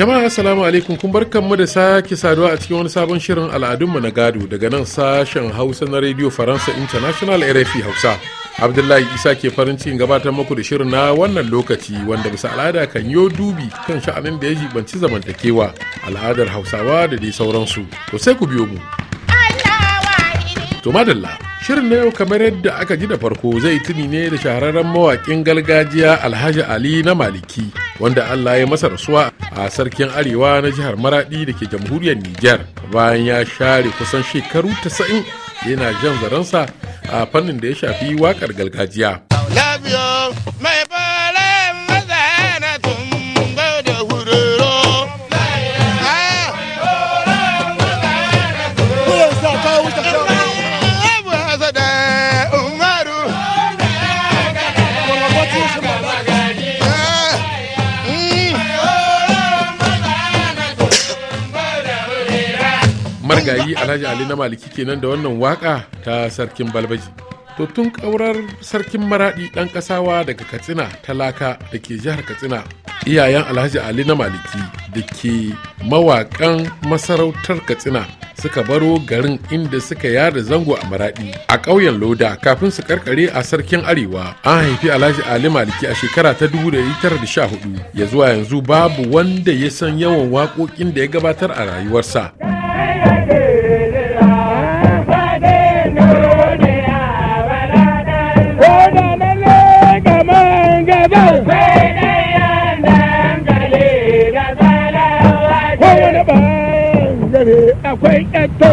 Jama'a assalamu alaikum kun kanmu da sake saduwa a cikin wani sabon shirin al'adunmu na gado daga nan sashen Hausa na Radio Faransa International RFI Hausa. Abdullahi Isa ke farin cikin gabatar muku da shirin na wannan lokaci wanda bisa al'ada kan yo dubi kan sha'anin da ya jibanci zamantakewa, al'adar Hausawa da dai sauransu. To sai ku biyo mu. To madalla. Shirin na yau kamar yadda aka ji da farko zai tuni ne da shahararren mawaƙin gargajiya Alhaji Ali na Maliki wanda Allah ya masa rasuwa a sarkin Arewa na jihar Maradi da ke jamhuriyar Nijar bayan ya share kusan shekaru 90 yana jan zaransa a fannin da ya shafi waƙar gargajiya. alhaji ali na maliki kenan da wannan waka ta sarkin balbaji to tun kaurar sarkin maradi ɗan kasawa daga katsina talaka da ke jihar katsina iyayen alhaji ali na maliki da ke mawakan masarautar katsina suka baro garin inda suka yada zango a maradi a ƙauyen loda kafin su karkare a sarkin arewa an haifi alhaji ali maliki a shekara ta da 1914 ya zuwa yanzu babu wanda ya san yawan waƙoƙin da ya gabatar a rayuwarsa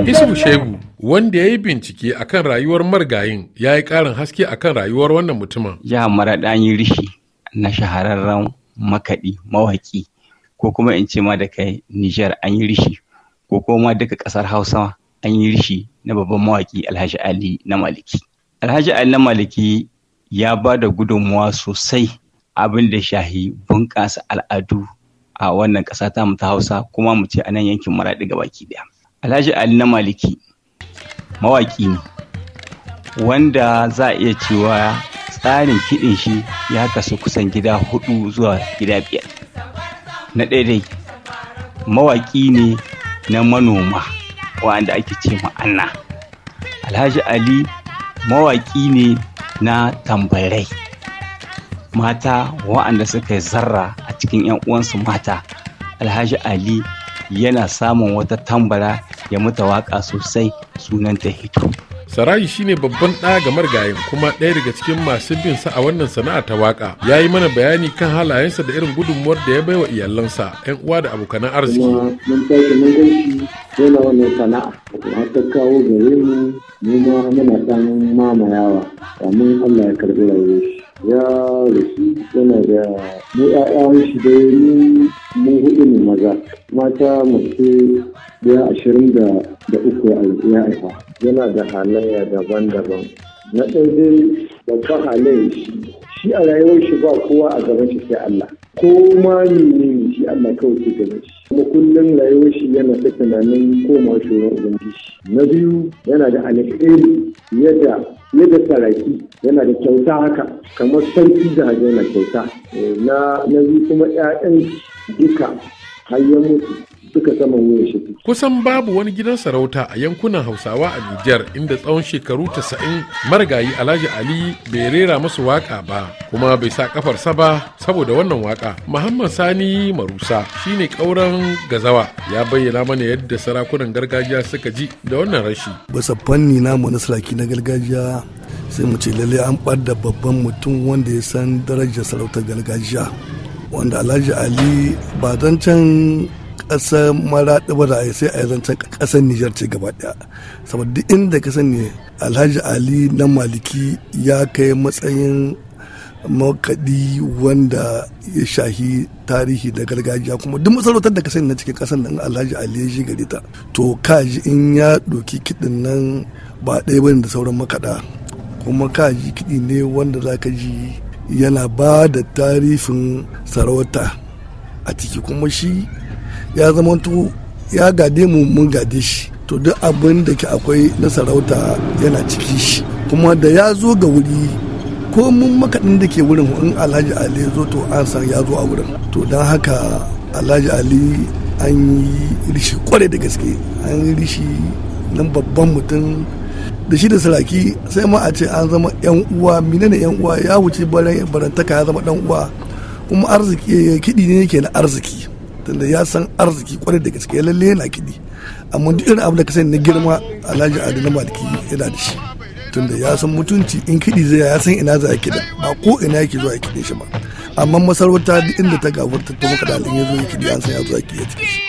Isu Shehu wanda ya yi bincike akan rayuwar margayin ya yi ƙarin haske a kan rayuwar wannan mutumin. Ya mara ɗanyi rishi na shahararren makaɗi mawaƙi ko kuma in ce ma da kai Nijar an yi rishi ko kuma duka ƙasar Hausa an yi rishi na babban mawaƙi Alhaji Ali na Maliki. Alhaji Ali na Maliki ya ba da gudunmuwa sosai abin da shahi bunƙasa al'adu a wannan ƙasa ta mu ta Hausa kuma mu ce a nan yankin Maraɗi ga baki ɗaya. Alhaji Ali na Maliki mawaƙi ne wanda za a iya cewa tsarin kiɗin shi ya kasu kusan gida hudu zuwa gida biyar. Na ɗaya dai mawaƙi ne na manoma wanda ake ce ma'ana. Alhaji Ali mawaƙi ne na tambarai mata wa'anda suka zarra cikin 'yan uwansu mata alhaji ali yana samun wata tambara ya mata waka sosai sunan ta hito Sarayi shine babban ɗa ga marigayin kuma ɗaya daga cikin masu bin sa a wannan sana'a ta waka. Ya yi mana bayani kan halayensa da irin gudunmuwar da ya baiwa iyalansa, 'yan uwa da abokanan arziki. Mun tashi mun gaishe yana wannan sana'a Kuma ta kawo gare mu mu ma muna samun mamayawa. Kamun Allah ya karɓi rayuwar shi. ya rasu yana da mu ƴaƴa shi dai ni mu hudu ne maza mata mace ya ashirin da uku ya haifa yana da halayya daban-daban na ɗaya dai babban shi shi a rayuwar shi ba kowa a gaban shi sai Allah ko ma ne shi Allah kawai ke gaban shi kuma kullum rayuwar shi yana ta tunanin koma shugaban ubangiji na biyu yana da alheri yadda fiye da saraki yana da kyauta haka kamar sarki da hajji yana kyauta eh, na na kuma 'ya'yan duka har ya mutu suka sama wuya shi kusan babu wani gidan sarauta a yankunan hausawa a nijar inda tsawon shekaru tasa'in marigayi alhaji ali bai rera masu waka ba kuma bai sa sa ba saboda wannan waka muhammad sani marusa shi ne kauran gazawa ya bayyana mana yadda sarakunan gargajiya suka ji da wannan rashi basa fanni namu na saraki na gargajiya sai mu ce lalle an ɓadda babban mutum wanda ya san darajar sarautar gargajiya wanda alhaji ali ba zan can kasar maraɗi ba za a yi sai a yi zancen ƙasar Nijar ce gaba ɗaya. Saboda duk inda ka sani Alhaji Ali na Maliki ya kai matsayin makaɗi wanda ya shahi tarihi da gargajiya kuma duk masarautar da ka sani na cikin ƙasar nan Alhaji Ali ya shi gare ta. To kaji in ya ɗoki kiɗin nan ba ɗaya bane da sauran makaɗa. Kuma kaji kiɗi ne wanda za ka ji yana ba da tarihin sarauta a ciki kuma shi ya tu ya gade mu mun gade shi to duk abin da ke akwai na sarauta yana ciki shi kuma da ya zo ga wuri ko mun makaɗin da ke wurin in alhaji ali zo to an san ya zo a wurin to don haka alhaji ali an yi rishi kwarai da gaske an yi rishi nan babban mutum da shi da saraki sai ma a ce an zama yan uwa menene yan uwa ya wuce barantaka ya zama dan uwa kuma arziki kiɗi ne yake na arziki tunda ya san arziki kwarai da gaske lalle yana kiɗi amma duk irin abu da ka sani na girma alhaji na maliki yana da shi tunda ya san mutunci in kiɗi zai ya san ina za a kiɗa ba ko ina yake zuwa a kiɗe shi ba amma masarauta duk inda ta gafurta ta maka da ya zo ya kiɗi an san ya zo ya kiɗe shi.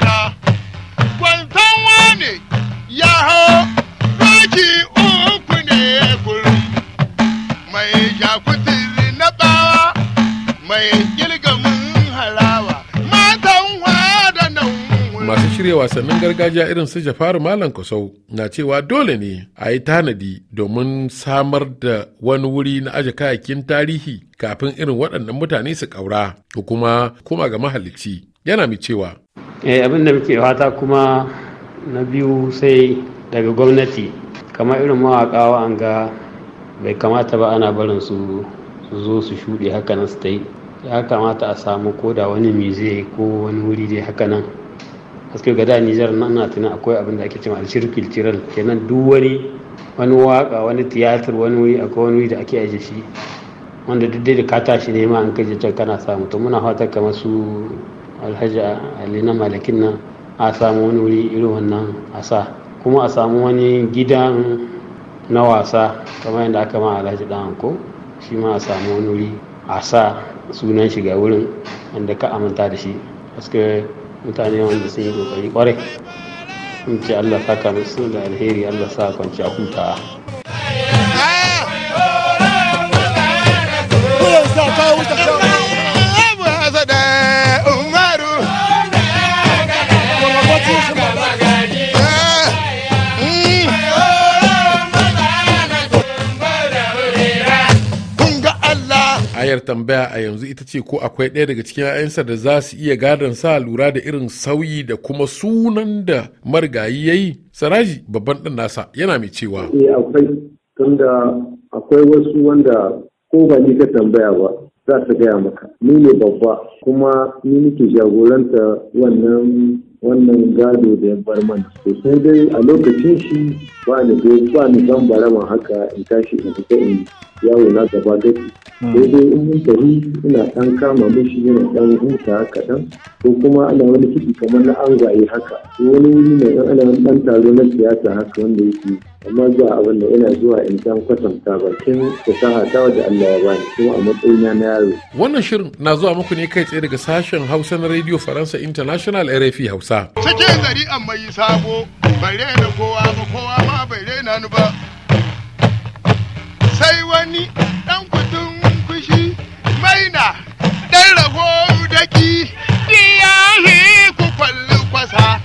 na hau uku ne mai shirya wasannin gargajiya irin su jafaru malam kusau na cewa dole ne a yi tanadi domin samar da wani wuri na aje kayakin tarihi kafin irin waɗannan mutane su ƙaura ko kuma koma ga mahalicci yana mai cewa Eh, abin da muke fata kuma na biyu sai daga gwamnati kamar irin mawaƙa ga bai kamata ba ana barin su zo su shuɗe haka nan su ta yi ya kamata a samu ko da wani mize ko wani wuri dai nan haske ga da nijar nan na tunan akwai abin da ake cewa alshir cultural kenan duk wani wani waka wani tiyatar wani wuri akwai wani wuri da ake aje shi wanda duk dai da ka tashi nema an kai can kana samu to muna fata kamar su alhaji ali na malakin nan a samu wani wuri irin wannan a sa kuma a samu wani gidan na wasa kamar yadda aka ma alhaji dan ko shi ma a samu wani wuri a sa sunan shiga wurin wanda ka aminta da shi suke mutane wanda sun yi kokari kwarai in ce allah saka musu da alheri allah sa kwanci a hutawa tambaya a yanzu ita ce ko akwai ɗaya daga cikin 'ya'yansa da za su iya gadon sa lura da irin sauyi da kuma sunan da marigayi ya yi saraji babban ɗan nasa yana mai cewa eh, akwai tunda akwai wasu wanda ko ba ni ka tambaya ba za ta gaya maka ni ne babba kuma ni nake jagoranta wannan wannan gado da ya bar mana to sai dai a lokacin shi ba ni ba ni zan haka in tashi in fita in yawo na gaba gadi Hmm. sai dai in mun tafi ina ɗan kama mishi yana ɗan huta kaɗan ko kuma ana wani kiɗi kamar na angwaye haka wani wuri mai ɗan ana ɗan taro na siyasa haka wanda yake amma zuwa abin da ina zuwa in ɗan kwatanta bakin fasaha ta wadda Allah ya bani kuma a matsayina na yaro. Wannan shirin na zuwa muku ne kai tsaye daga sashen Hausa na Radio Faransa International RFI Hausa. Cikin gari sabo bai rena kowa ba kowa ma bai rena ni ba. Sai wani maina rago daki ku kwasa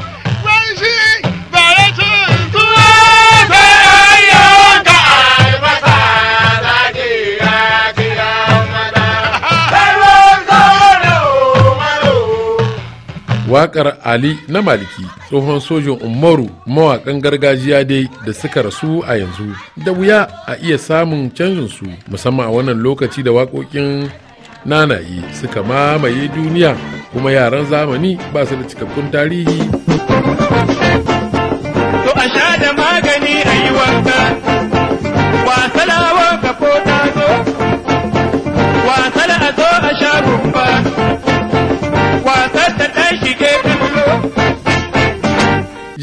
Waƙar Ali na Maliki tsohon sojin Umaru mawaƙan gargajiya dai da suka rasu a yanzu da wuya a iya samun canjinsu musamman a wannan lokaci da waƙoƙin nanayi suka mamaye duniya kuma yaran zamani ba su da cikakkun tarihi. To a sha da magani a yi wanka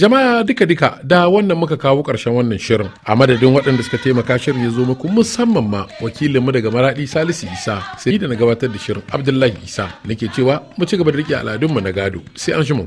jama'a duka duka da wannan muka kawo ƙarshen wannan shirin a madadin waɗanda suka taimaka shirin ya zo muku musamman ma wakilinmu daga maraɗi salisu isa sai da na gabatar da shirin abdullahi isa nake cewa mu ci gaba da riƙe al'adunmu na gado sai an shi mu.